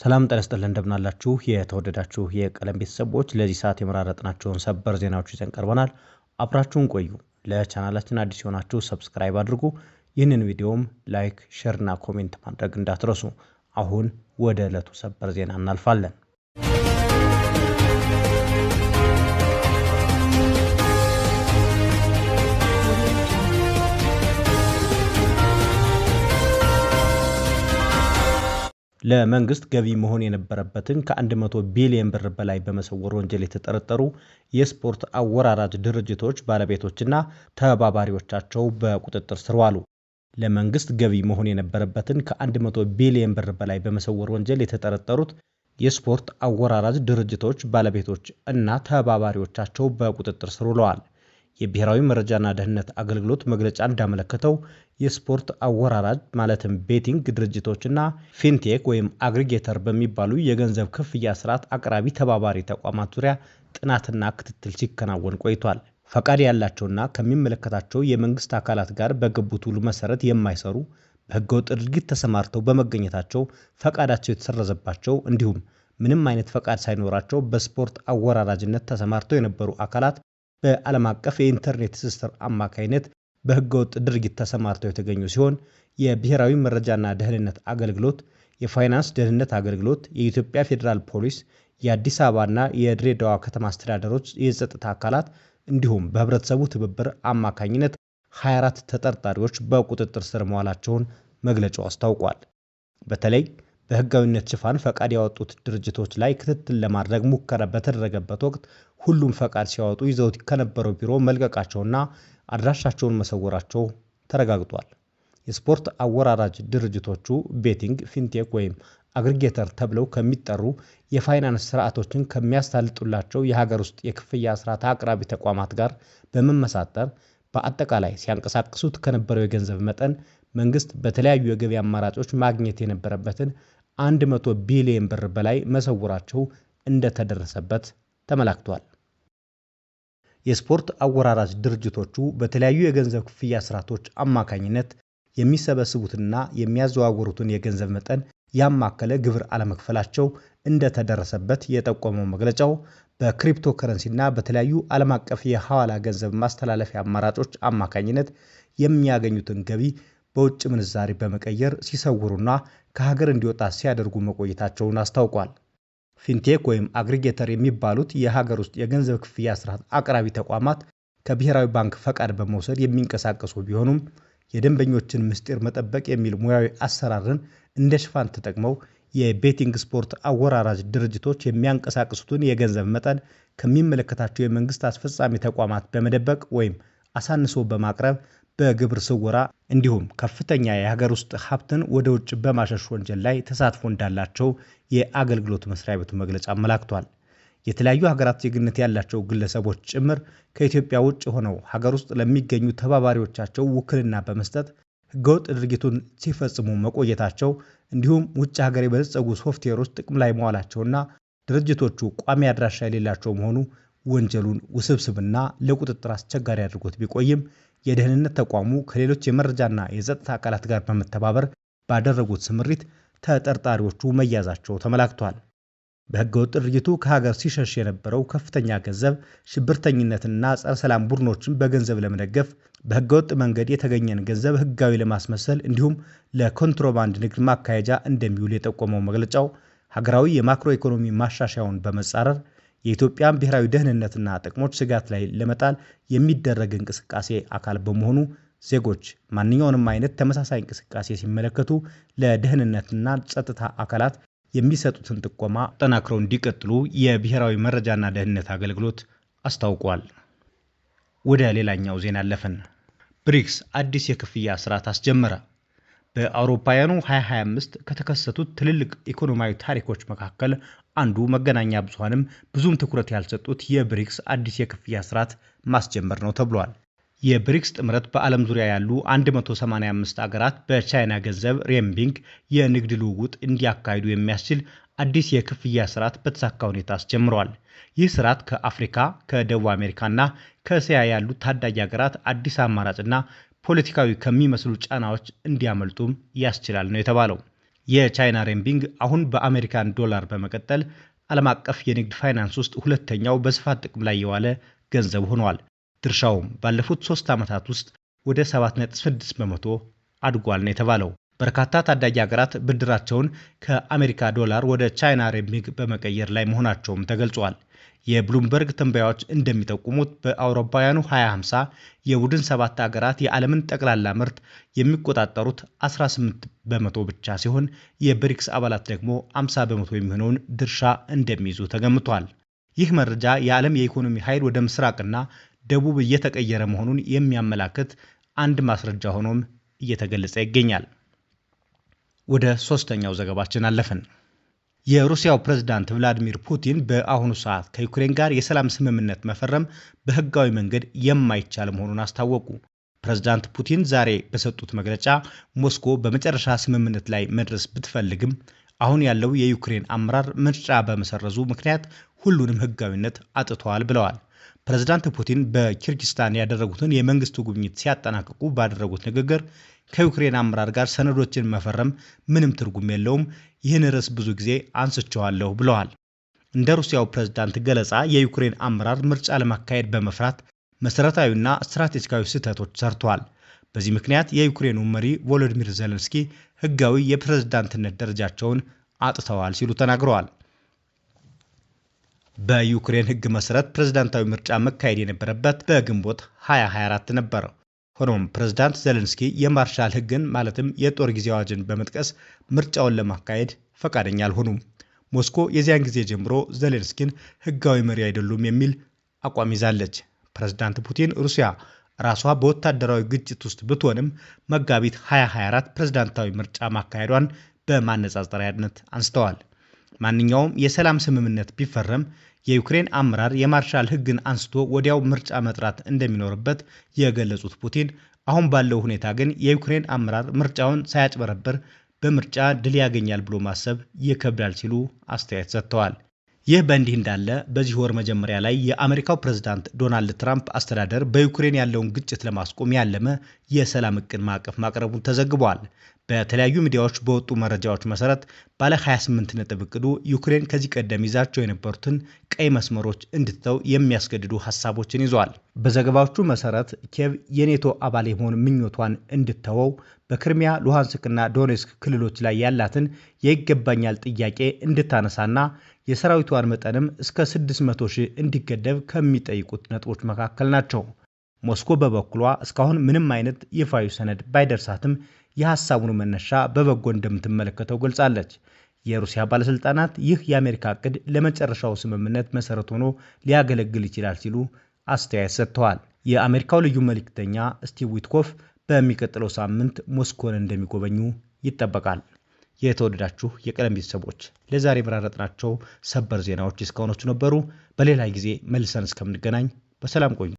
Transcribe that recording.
ሰላም ጤና ይስጥልን እንደምናላችሁ የተወደዳችሁ የቀለም ቤተሰቦች ለዚህ ሰዓት የመራረጥናቸውን ሰበር ዜናዎች ይዘን ቀርበናል። አብራችሁን ቆዩ። ለቻናላችን አዲስ የሆናችሁ ሰብስክራይብ አድርጉ። ይህንን ቪዲዮም ላይክ፣ ሼርና ኮሜንት ማድረግ እንዳትረሱ። አሁን ወደ ዕለቱ ሰበር ዜና እናልፋለን። ለመንግስት ገቢ መሆን የነበረበትን ከ100 ቢሊዮን ብር በላይ በመሰወር ወንጀል የተጠረጠሩ የስፖርት አወራራጅ ድርጅቶች ባለቤቶችና ተባባሪዎቻቸው በቁጥጥር ስር ዋሉ። ለመንግስት ገቢ መሆን የነበረበትን ከ100 ቢሊዮን ብር በላይ በመሰወር ወንጀል የተጠረጠሩት የስፖርት አወራራጅ ድርጅቶች ባለቤቶች እና ተባባሪዎቻቸው በቁጥጥር ስር ውለዋል። የብሔራዊ መረጃና ደህንነት አገልግሎት መግለጫ እንዳመለከተው የስፖርት አወራራጅ ማለትም ቤቲንግ ድርጅቶችና ፊንቴክ ወይም አግሪጌተር በሚባሉ የገንዘብ ክፍያ ስርዓት አቅራቢ ተባባሪ ተቋማት ዙሪያ ጥናትና ክትትል ሲከናወን ቆይቷል። ፈቃድ ያላቸውና ከሚመለከታቸው የመንግስት አካላት ጋር በገቡት ውል መሰረት የማይሰሩ በህገወጥ ድርጊት ተሰማርተው በመገኘታቸው ፈቃዳቸው የተሰረዘባቸው እንዲሁም ምንም አይነት ፈቃድ ሳይኖራቸው በስፖርት አወራራጅነት ተሰማርተው የነበሩ አካላት በዓለም አቀፍ የኢንተርኔት ትስስር አማካይነት በህገወጥ ድርጊት ተሰማርተው የተገኙ ሲሆን የብሔራዊ መረጃና ደህንነት አገልግሎት፣ የፋይናንስ ደህንነት አገልግሎት፣ የኢትዮጵያ ፌዴራል ፖሊስ፣ የአዲስ አበባና የድሬዳዋ ከተማ አስተዳደሮች የጸጥታ አካላት እንዲሁም በህብረተሰቡ ትብብር አማካኝነት 24 ተጠርጣሪዎች በቁጥጥር ስር መዋላቸውን መግለጫው አስታውቋል። በተለይ በህጋዊነት ሽፋን ፈቃድ ያወጡት ድርጅቶች ላይ ክትትል ለማድረግ ሙከራ በተደረገበት ወቅት ሁሉም ፈቃድ ሲያወጡ ይዘውት ከነበረው ቢሮ መልቀቃቸውና አድራሻቸውን መሰወራቸው ተረጋግጧል። የስፖርት አወራራጅ ድርጅቶቹ ቤቲንግ፣ ፊንቴክ ወይም አግሪጌተር ተብለው ከሚጠሩ የፋይናንስ ስርዓቶችን ከሚያሳልጡላቸው የሀገር ውስጥ የክፍያ ስርዓት አቅራቢ ተቋማት ጋር በመመሳጠር በአጠቃላይ ሲያንቀሳቅሱት ከነበረው የገንዘብ መጠን መንግስት በተለያዩ የገቢ አማራጮች ማግኘት የነበረበትን 100 ቢሊዮን ብር በላይ መሰውራቸው እንደተደረሰበት ተመላክቷል። የስፖርት አወራራጅ ድርጅቶቹ በተለያዩ የገንዘብ ክፍያ ስርዓቶች አማካኝነት የሚሰበስቡትና የሚያዘዋውሩትን የገንዘብ መጠን ያማከለ ግብር አለመክፈላቸው እንደተደረሰበት የጠቆመው መግለጫው በክሪፕቶ ከረንሲና በተለያዩ ዓለም አቀፍ የሐዋላ ገንዘብ ማስተላለፊያ አማራጮች አማካኝነት የሚያገኙትን ገቢ በውጭ ምንዛሪ በመቀየር ሲሰውሩና ከሀገር እንዲወጣ ሲያደርጉ መቆየታቸውን አስታውቋል። ፊንቴክ ወይም አግሪጌተር የሚባሉት የሀገር ውስጥ የገንዘብ ክፍያ ስርዓት አቅራቢ ተቋማት ከብሔራዊ ባንክ ፈቃድ በመውሰድ የሚንቀሳቀሱ ቢሆኑም የደንበኞችን ምስጢር መጠበቅ የሚል ሙያዊ አሰራርን እንደ ሽፋን ተጠቅመው የቤቲንግ ስፖርት አወራራጅ ድርጅቶች የሚያንቀሳቅሱትን የገንዘብ መጠን ከሚመለከታቸው የመንግስት አስፈጻሚ ተቋማት በመደበቅ ወይም አሳንሶ በማቅረብ በግብር ስወራ እንዲሁም ከፍተኛ የሀገር ውስጥ ሀብትን ወደ ውጭ በማሸሽ ወንጀል ላይ ተሳትፎ እንዳላቸው የአገልግሎት መስሪያ ቤቱ መግለጫ አመላክቷል። የተለያዩ ሀገራት ዜግነት ያላቸው ግለሰቦች ጭምር ከኢትዮጵያ ውጭ ሆነው ሀገር ውስጥ ለሚገኙ ተባባሪዎቻቸው ውክልና በመስጠት ህገወጥ ድርጊቱን ሲፈጽሙ መቆየታቸው እንዲሁም ውጭ ሀገር የበለጸጉ ሶፍትዌሮች ጥቅም ላይ መዋላቸውና ድርጅቶቹ ቋሚ አድራሻ የሌላቸው መሆኑ ወንጀሉን ውስብስብና ለቁጥጥር አስቸጋሪ አድርጎት ቢቆይም የደህንነት ተቋሙ ከሌሎች የመረጃና የጸጥታ አካላት ጋር በመተባበር ባደረጉት ስምሪት ተጠርጣሪዎቹ መያዛቸው ተመላክቷል። በህገወጥ ድርጊቱ ከሀገር ሲሸሽ የነበረው ከፍተኛ ገንዘብ ሽብርተኝነትንና ጸረ ሰላም ቡድኖችን በገንዘብ ለመደገፍ በህገወጥ መንገድ የተገኘን ገንዘብ ህጋዊ ለማስመሰል እንዲሁም ለኮንትሮባንድ ንግድ ማካሄጃ እንደሚውል የጠቆመው መግለጫው ሀገራዊ የማክሮ ኢኮኖሚ ማሻሻያውን በመጻረር የኢትዮጵያን ብሔራዊ ደህንነትና ጥቅሞች ስጋት ላይ ለመጣል የሚደረግ እንቅስቃሴ አካል በመሆኑ ዜጎች ማንኛውንም አይነት ተመሳሳይ እንቅስቃሴ ሲመለከቱ ለደህንነትና ጸጥታ አካላት የሚሰጡትን ጥቆማ ጠናክረው እንዲቀጥሉ የብሔራዊ መረጃና ደህንነት አገልግሎት አስታውቋል። ወደ ሌላኛው ዜና አለፍን። ብሪክስ አዲስ የክፍያ ስርዓት አስጀመረ። በአውሮፓውያኑ 2025 ከተከሰቱት ትልልቅ ኢኮኖሚያዊ ታሪኮች መካከል አንዱ መገናኛ ብዙሃንም ብዙም ትኩረት ያልሰጡት የብሪክስ አዲስ የክፍያ ስርዓት ማስጀመር ነው ተብሏል። የብሪክስ ጥምረት በዓለም ዙሪያ ያሉ 185 አገራት በቻይና ገንዘብ ሬምቢንግ የንግድ ልውውጥ እንዲያካሂዱ የሚያስችል አዲስ የክፍያ ስርዓት በተሳካ ሁኔታ አስጀምረዋል። ይህ ስርዓት ከአፍሪካ፣ ከደቡብ አሜሪካና ከእስያ ያሉ ታዳጊ ሀገራት አዲስ አማራጭና ፖለቲካዊ ከሚመስሉ ጫናዎች እንዲያመልጡም ያስችላል ነው የተባለው። የቻይና ሬምቢንግ አሁን በአሜሪካን ዶላር በመቀጠል ዓለም አቀፍ የንግድ ፋይናንስ ውስጥ ሁለተኛው በስፋት ጥቅም ላይ የዋለ ገንዘብ ሆኗል። ድርሻውም ባለፉት ሶስት ዓመታት ውስጥ ወደ 7.6 በመቶ አድጓል ነው የተባለው። በርካታ ታዳጊ ሀገራት ብድራቸውን ከአሜሪካ ዶላር ወደ ቻይና ሬሚግ በመቀየር ላይ መሆናቸውም ተገልጿል። የብሉምበርግ ትንበያዎች እንደሚጠቁሙት በአውሮፓውያኑ 2050 የቡድን ሰባት ሀገራት የዓለምን ጠቅላላ ምርት የሚቆጣጠሩት 18 በመቶ ብቻ ሲሆን የብሪክስ አባላት ደግሞ 50 በመቶ የሚሆነውን ድርሻ እንደሚይዙ ተገምቷል። ይህ መረጃ የዓለም የኢኮኖሚ ኃይል ወደ ምስራቅና ደቡብ እየተቀየረ መሆኑን የሚያመላክት አንድ ማስረጃ ሆኖም እየተገለጸ ይገኛል። ወደ ሶስተኛው ዘገባችን አለፍን። የሩሲያው ፕሬዝዳንት ቭላዲሚር ፑቲን በአሁኑ ሰዓት ከዩክሬን ጋር የሰላም ስምምነት መፈረም በሕጋዊ መንገድ የማይቻል መሆኑን አስታወቁ። ፕሬዝዳንት ፑቲን ዛሬ በሰጡት መግለጫ ሞስኮ በመጨረሻ ስምምነት ላይ መድረስ ብትፈልግም አሁን ያለው የዩክሬን አመራር ምርጫ በመሰረዙ ምክንያት ሁሉንም ሕጋዊነት አጥተዋል ብለዋል። ፕሬዝዳንት ፑቲን በኪርጊስታን ያደረጉትን የመንግስቱ ጉብኝት ሲያጠናቅቁ ባደረጉት ንግግር ከዩክሬን አመራር ጋር ሰነዶችን መፈረም ምንም ትርጉም የለውም፣ ይህን ርዕስ ብዙ ጊዜ አንስቸዋለሁ ብለዋል። እንደ ሩሲያው ፕሬዝዳንት ገለጻ የዩክሬን አመራር ምርጫ ለማካሄድ በመፍራት መሠረታዊና ስትራቴጂካዊ ስህተቶች ሰርተዋል። በዚህ ምክንያት የዩክሬኑ መሪ ቮሎዲሚር ዜሌንስኪ ህጋዊ የፕሬዝዳንትነት ደረጃቸውን አጥተዋል ሲሉ ተናግረዋል። በዩክሬን ሕግ መሰረት ፕሬዝዳንታዊ ምርጫ መካሄድ የነበረበት በግንቦት 2024 ነበር። ሆኖም ፕሬዝዳንት ዘሌንስኪ የማርሻል ሕግን ማለትም የጦር ጊዜ አዋጅን በመጥቀስ ምርጫውን ለማካሄድ ፈቃደኛ አልሆኑም። ሞስኮ የዚያን ጊዜ ጀምሮ ዘሌንስኪን ሕጋዊ መሪ አይደሉም የሚል አቋም ይዛለች። ፕሬዝዳንት ፑቲን ሩሲያ ራሷ በወታደራዊ ግጭት ውስጥ ብትሆንም መጋቢት 2024 ፕሬዝዳንታዊ ምርጫ ማካሄዷን በማነጻጸሪያነት አንስተዋል። ማንኛውም የሰላም ስምምነት ቢፈረም የዩክሬን አመራር የማርሻል ሕግን አንስቶ ወዲያው ምርጫ መጥራት እንደሚኖርበት የገለጹት ፑቲን አሁን ባለው ሁኔታ ግን የዩክሬን አመራር ምርጫውን ሳያጭበረብር በምርጫ ድል ያገኛል ብሎ ማሰብ ይከብዳል ሲሉ አስተያየት ሰጥተዋል። ይህ በእንዲህ እንዳለ በዚህ ወር መጀመሪያ ላይ የአሜሪካው ፕሬዝዳንት ዶናልድ ትራምፕ አስተዳደር በዩክሬን ያለውን ግጭት ለማስቆም ያለመ የሰላም እቅድ ማዕቀፍ ማቅረቡን ተዘግቧል። በተለያዩ ሚዲያዎች በወጡ መረጃዎች መሰረት ባለ 28 ነጥብ እቅዱ ዩክሬን ከዚህ ቀደም ይዛቸው የነበሩትን ቀይ መስመሮች እንድትተው የሚያስገድዱ ሀሳቦችን ይዟል። በዘገባዎቹ መሰረት ኬቭ የኔቶ አባል የመሆን ምኞቷን እንድትተወው በክርሚያ ሉሃንስክና ዶኔስክ ክልሎች ላይ ያላትን የይገባኛል ጥያቄ እንድታነሳና የሰራዊቷን መጠንም እስከ 600 ሺህ እንዲገደብ ከሚጠይቁት ነጥቦች መካከል ናቸው። ሞስኮ በበኩሏ እስካሁን ምንም አይነት ይፋዊ ሰነድ ባይደርሳትም የሐሳቡን መነሻ በበጎ እንደምትመለከተው ገልጻለች። የሩሲያ ባለሥልጣናት ይህ የአሜሪካ ዕቅድ ለመጨረሻው ስምምነት መሠረት ሆኖ ሊያገለግል ይችላል ሲሉ አስተያየት ሰጥተዋል። የአሜሪካው ልዩ መልእክተኛ ስቲቭ ዊትኮፍ በሚቀጥለው ሳምንት ሞስኮን እንደሚጎበኙ ይጠበቃል። የተወደዳችሁ የቀለም ቤተሰቦች ለዛሬ መራረጥናቸው ሰበር ዜናዎች እስካሁኖቹ ነበሩ። በሌላ ጊዜ መልሰን እስከምንገናኝ በሰላም ቆዩ።